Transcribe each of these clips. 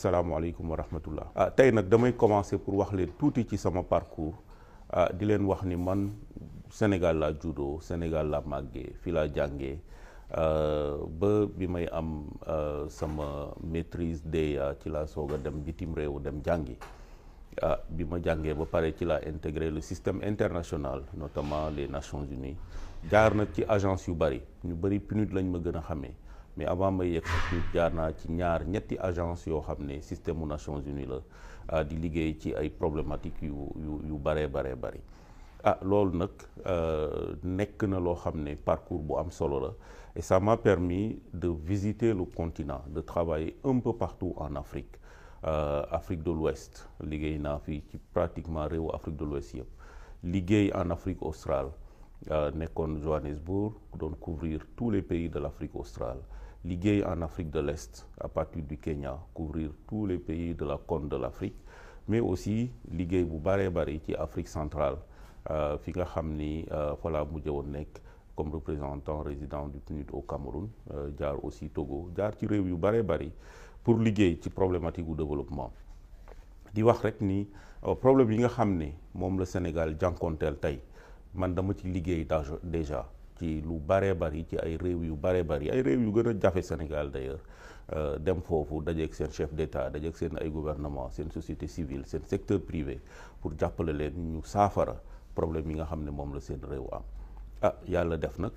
asalaamaaleykum wa rahmatullah ah, tey nag damay commencer pour wax leen tuuti ci sama parcours ah, di leen wax ni man Sénégal laa juddoo Sénégal laa màggee fii laa jàngee ah, ba bi may am sama maîtrise DEA ci laa soog a dem bitim réew dem jàngi bi ma jàngee ba pare ci laa intégré le système international notamment les Nations Unies jaar nag ci agence yu bari ñu bari PNUD lañ ma gën a xamee mais avant may yegg jaar naa ci ñaar ñetti agence yoo xam ne système mu Nations Unies la ah, di liggéey ci ay problématiques yu yu yu baree baree bari ah loolu nag euh, nekk na loo xam ne parcours bu am solo la et ça m'a permis de visiter lu continent de travailler un peu partout en Afrique euh, de l'Ouest liggéey naa fii ci pratiquement réew Afrique de l'Ouest yëpp liggéey en Afrique australe euh, nekkoon Johannesburg doon couvrir tous les pays de l'Afrique australe liggéey en Afrique de l'Est à partir du Kenya couvrir tous les pays de la Corne de l'Afrique mais aussi liggéey bu bëree bëri ci Afrique centrale euh, fi nga xam ni euh, fa laa mujjee woon nekk comme représentant résident du PNUD au Cameroun euh, jaar aussi Togo jaar ci réew yu bëree bëri pour liggéey ci problématique gu développement di wax rek ni problème yi nga xam ne moom la Sénégal jànkonteel tey man dama ci liggéey déjà ci lu baree bari ci ay réew yu baree bari ay réew yu gën a jafe Sénégal d'ailleurs euh, dem foofu dajeeg seen chef d'État dajeeg seen ay gouvernement seen société civile seen secteur privé pour jàppale leen ñu saafara problème yi nga xam ne moom la seen réew am ah yàlla def nag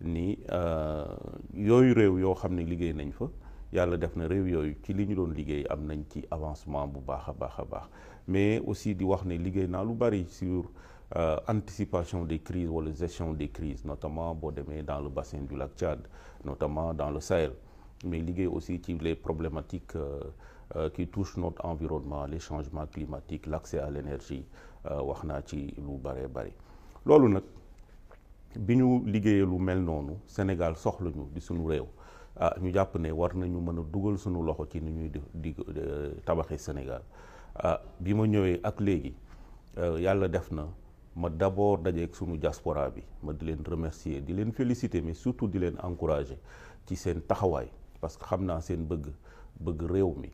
ni euh, yooyu réew yoo xam ne liggéey nañ fa yàlla def na réew yooyu ci li ñu doon liggéey am nañ ci avancement bu baax a baax a baax mais aussi di wax ne liggéey naa lu bari sur Euh, anticipation de crises wala gestion des crises notamment boo demee dans le bassin du lac Tchad notamment dans le Sahel mais liggéey aussi ci les problématiques euh, euh, qui touchent notre environnement les changement climatiques l'accès à l'énergie wax naa ci lu bare bare loolu nag bi ñu liggéeyee lu mel noonu Sénégal soxla ñu di suñu réew ah ñu jàpp ne war nañu mën a dugal suñu loxo ci ni ñuy di tabaxee Sénégal ah, bi ma ñëwee ak léegi yàlla def na ma d' abord dajeeg sunu diaspora bi ma di leen remercier di leen félicité mais surtout di leen encourager ci seen taxawaay parce que xam naa seen bëgg bëgg réew mi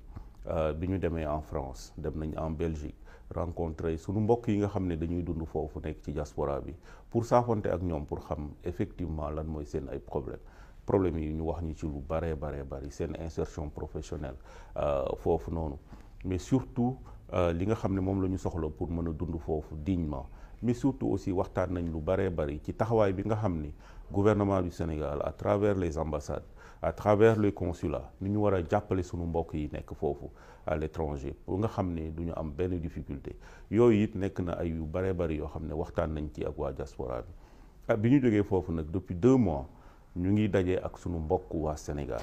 euh, bi ñu demee en France dem nañ en Belgique rencontrer sunu mbokk yi nga xam ne dañuy dund foofu nekk ci diaspora bi pour saafonte ak ñoom pour xam effectivement lan mooy seen ay problème problème yi ñu wax ñu ci lu baree baree bari seen insertion professionnelle euh, foofu noonu mais surtout euh, li nga xam ne moom la ñu soxla pour mën a dund foofu dignement mais surtout aussi waxtaan nañ lu bëree bëri ci taxawaay bi nga xam ni gouvernement du Sénégal à travers les ambassades à travers les consulats ni ñu war a jàppale sunu mbokk yi nekk foofu les l'étranger pour nga xam ne du ñu am benn difficulté yooyu it nekk na ay yu bëree bari yoo xam ne waxtaan nañ ci ak waa diaspora bi ah, bi ñu jógee foofu nag depuis deux mois ñu ngi dajee ak sunu mbokk waa Sénégal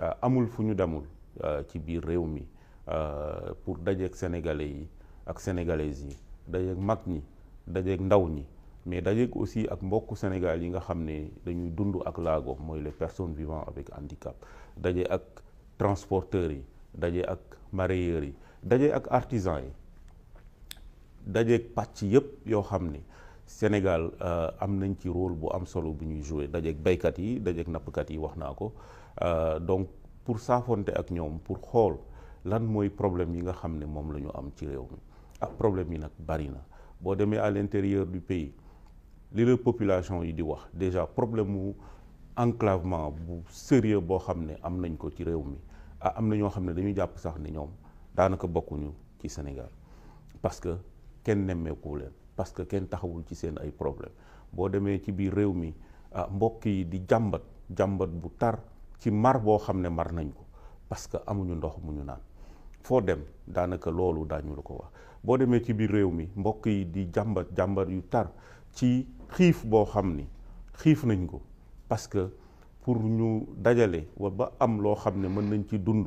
ah, amul fu ñu demul ah, ci biir réew mi pour dajeek sénégalais yi ak sénégalaises yi mag ñi dajeeg ndaw ñi mais dajeeg aussi ak mbokku Sénégal yi nga xam ne dañuy dund ak laago mooy les personnes vivant avec handicap daje ak transporteurs yi daje ak mareyeurs yi daje ak artisans yi dajeeg pàcc yëpp yoo xam ne Sénégal euh, am nañ ci rôle bu am solo bu ñuy jouer dajeeg baykat yi dajeeg nappkat yi wax naa ko euh, donc pour saafonte ak ñoom pour xool lan mooy problème yi nga xam ne moom la ñu am ci réew mi ah problème yi nag bari na boo demee à l'intérieur du pays li la population yi di wax déjà problème mu enclavement bu sérieux boo xam ne am nañ ko ci réew mi ah am na ñoo xam ne dañuy jàpp sax ni ñoom daanaka bokkuñu ci Sénégal parce que kenn nemmeeku leen parce que kenn taxawul ci seen ay problème boo demee ci biir réew mi ah mbokk yi di jàmbat jàmbat bu tar ci mar boo xam ne mar nañ ko parce que amuñu ndox mu ñu naan foo dem daanaka loolu daañu la ko wax boo demee ci biir réew mi mbokk yi di jàmbat jàmbat yu tar ci xiif boo xam ni xiif nañ ko parce que pour ñu dajale wa ba am loo xam ne mën nañ ci dund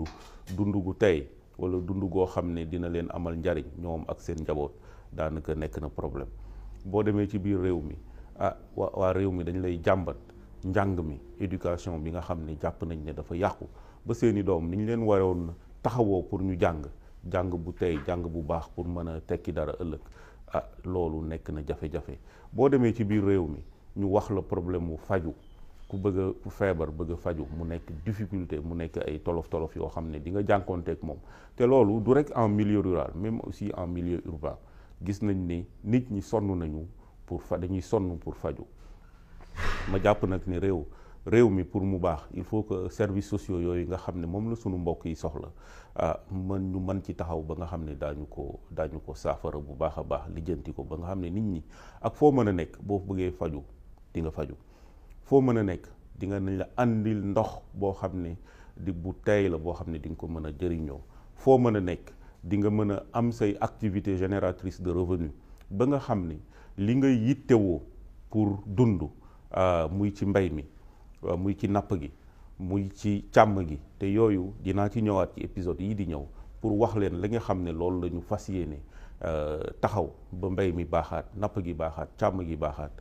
dund gu tey wala dund goo xam ne dina leen amal njariñ ñoom ak seen njaboot daanaka nekk na problème boo demee ci biir réew mi ah waa waa réew mi dañ lay jàmbat njàng mi éducation bi nga xam ne jàpp nañ ne dafa yàqu ba seeni doom niñ leen waroon taxawoo pour ñu jàng jàng bu tey jàng bu baax pour mën a tekki dara ëllëg a ah, loolu nekk na jafe-jafe boo demee ci biir réew mi ñu wax la problème mu faju ku bëgg ku feebar bëgg faju mu nekk difficulté mu nekk ay tolof-tolof yoo xam ne di nga jànkoonteeg moom te loolu du rek en milieu rural même aussi en milieu urbain gis nañ ni nit ñi sonn nañu pour fa dañuy sonn pour faju ma jàpp nag ni réew réew mi pour mu baax il faut que service sociaux yooyu nga xam ne moom la sunu mbokk yi soxla ah mën ñu mën ci taxaw ba nga xam ne daañu ko daañu ko saafara bu baax a baax lijjanti ko ba nga xam ne nit ñi ak foo mën a nekk boo bëggee faju di nga faju foo mën a nekk dinga nañ la andil ndox boo xam ne di bu tey la boo xam ne di nga ko mën a jëriñoo foo mën a nekk di nga mën a am say activité génératrice de revenu ba nga xam ne li ngay yittewoo pour dund ah, muy ci mbay mi muy ci napp gi muy ci càmm gi te yooyu dinaa ci ñëwaat ci épisode yii di ñëw pour wax leen li nga xam ne loolu la fas yéene euh, taxaw ba mbay mi baaxaat napp gi baaxaat càmm gi baaxaat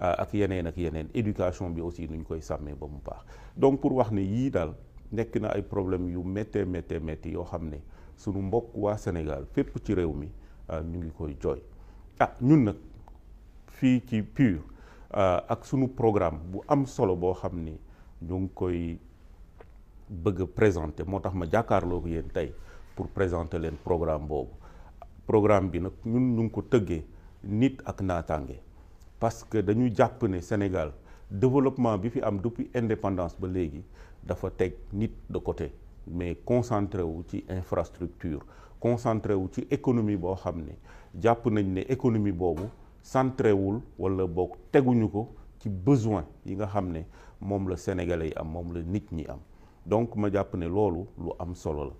euh, ak yeneen ak yeneen éducation bi aussi nu ñu koy sàmmee ba mu baax donc pour wax ne yii daal nekk na ay problème yu méttee méttee métti yoo xam ne sunu mbokk waa Sénégal fépp ci réew mi euh, ñu ngi koy jooy ah ñun nag fii ci PUR Euh, ak sunu programme bu am solo boo xam ni ñu ngi koy bëgg a présenter moo tax ma jàkkaarloo ko yéen tey pour présenter leen programme boobu programme bi nag ñun ñu ngi ko tëggee nit ak naataange parce que dañu jàpp ne Sénégal développement bi fi am depuis indépendance ba léegi dafa teg nit de côté mais concentré wu ci infrastructure concentré wu ci économie boo xam ne jàpp nañ ne économie boobu centré wul wala boog teguñu ko ci besoin yi nga xam ne moom la sénégalais yi am moom la nit ñi am donc ma jàpp ne loolu lu am solo la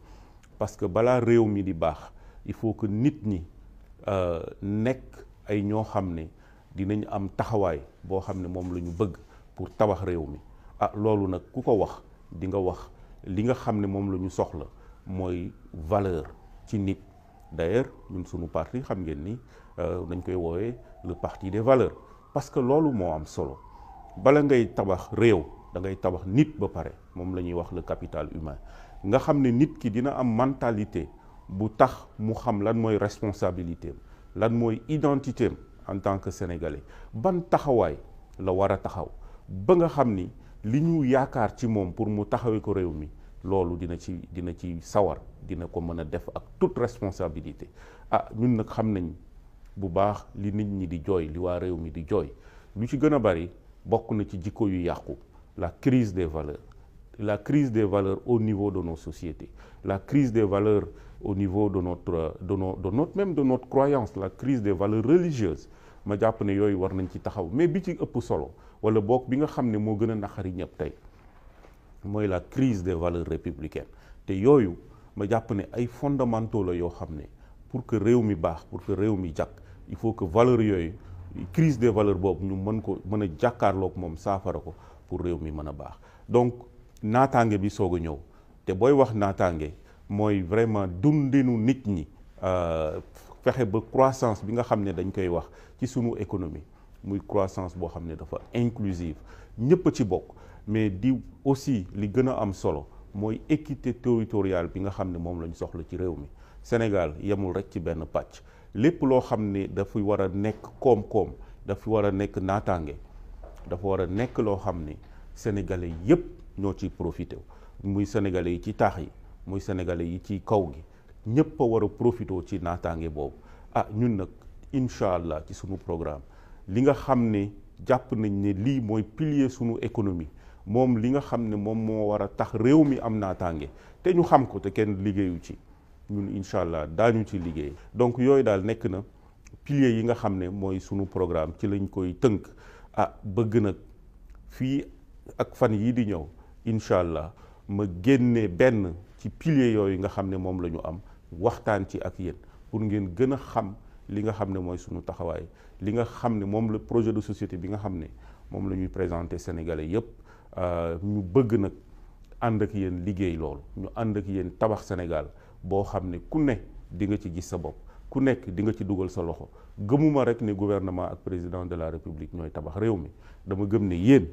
parce que balaa réew mi di baax il faut que nit ñi euh, nekk ay ñoo xam ne dinañ am taxawaay boo xam ne moom la ñu bëgg pour tabax réew mi ah loolu nag ku ko wax di nga wax li nga xam ne moom la ñu soxla mooy valeur ci nit d'ailleurs ñun suñu parti xam ngeen ni euh, dañ koy woowee le parti des valeur parce que loolu moo am solo bala ngay tabax réew da ngay tabax nit ba pare moom la ñuy wax le capital humain nga xam ne nit ki dina am mentalité bu tax mu xam lan mooy responsabilité lan mooy identité en tant que sénégalais ban taxawaay la war a taxaw ba nga xam ni li ñu yaakaar ci moom pour mu taxawee ko réew mi loolu dina ci dina ci sawar dina ko mën a def ak tout responsabilité ah ñun nag xam nañ bu baax li nit ñi di jooy li waa réew mi di jooy lu ci gën a bari bokk na ci jikko yu yàqu la crise des valeurs la crise des valeur au niveau de nos sociétés la crise des valeurs au niveau de notre de nos de notre même de notre croyance la crise des valeurs religieuses ma jàpp ne yooyu war nañ ci taxaw mais bi ci ëpp solo wala bokk bi nga xam ne moo gën a naqari ñëpp tey mooy la crise des valeur républicain te yooyu ma jàpp ne ay fondamentaux la yoo xam ne pour que réew mi baax pour que réew mi jàkk il faut que valeur yooyu crise de valeurs boobu ñu mën ko mën a jàkkaarlook moom saafara ko pour réew mi mën a baax donc naataange bi soog a ñëw te booy wax naataange mooy vraiment dundinu nit ñi euh, fexe ba croissance bi nga xam ne dañ koy wax ci sunu économie muy croissance boo xam ne dafa inclusive ñëpp ci bokk mais di aussi li gën a am solo mooy équité territoriale bi nga xam ne moom la ñu soxla ci réew mi Sénégal yemul rek ci benn pàcc lépp loo xam ne dafa war a nekk koom-koom dafa war a nekk naataange dafa war a nekk loo xam ne sénégalais yépp ñoo ciy profité muy sénégalais yi ci taax yi muy sénégalais yi ci kaw gi ñépp a war a profité ci naataange boobu ah ñun nag incha allah ci sunu programme li nga xam ne jàpp nañ ne lii mooy pilier sunu économie moom li nga xam ne moom moo war a tax réew mi am naa tànge te ñu xam ko te kenn liggéeyu ci ñun incha allah daañu ci liggéey donc yooyu daal nekk na piliers yi nga xam ne mooy sunu programme ci lañ koy tënk ah bëgg nag fii ak fan yii di ñëw incha allah ma génne benn ci piliers yooyu nga xam ne moom la ñu am waxtaan ci ak yéen pour ngeen gën a xam li nga xam ne mooy sunu taxawaay li nga xam ne moom la projet de société bi nga xam ne moom la ñuy présenter sénégalais yépp Euh, ñu bëgg nag ànd ak yéen liggéey loolu ñu ànd ak yéen tabax Sénégal boo xam ne ku ne di nga ci gis sa bopp ku nekk di nga ci dugal sa loxo gëmuma rek ne gouvernement ak président de la république ñooy tabax réew mi dama gëm ne yéen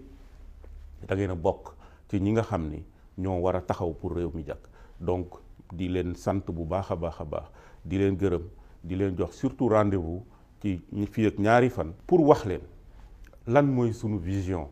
da ngeen a bokk ci ñi nga xam ni ñoo war a taxaw pour réew mi jàkk donc di leen sant bu baax a baax a baax di leen gërëm di leen jox surtout rendez ci fii ak ñaari fan pour wax leen lan mooy sunu vision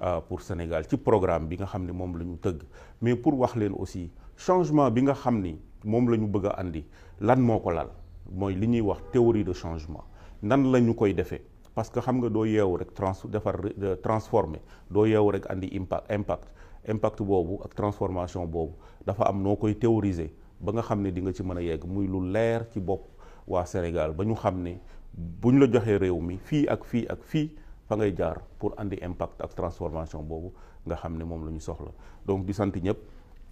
Euh, pour Sénégal ci programme bi nga xam ne moom la ñu tëgg mais pour wax leen aussi changement bi nga xam ni moom la ñu bëgg a andi lan moo ko lal mooy li ñuy wax théorie de changement nan la ñu koy defee parce que xam nga doo yeewu rek trans defar euh, transformé doo yeewu rek andi impact impact impact boobu ak transformation boobu dafa am noo koy théoriser ba nga xam ne di nga ci mën a yegg muy lu leer ci bopp waa Sénégal ba ñu xam ne bu ñu la joxee réew mi fii ak fii ak fii fa ngay jaar pour andi impact ak transformation boobu nga xam ne moom la ñu soxla donc di sant ñëpp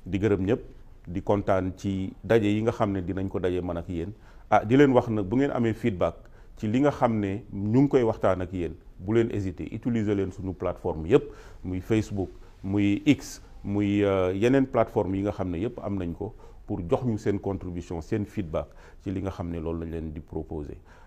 di gërëm ñëpp di kontaan ci daje yi nga xam ne dinañ ko daje man ak yéen ah di leen wax na bu ngeen amee feedback ci li nga xam ne ñu ngi koy waxtaan ak yéen bu leen hésiter utiliser leen suñu plateforme yëpp muy Facebook muy X muy euh, yeneen plateforme yi nga xam ne yëpp am nañ ko pour jox ñu seen contribution seen feedback ci li nga xam ne loolu lañ leen di proposer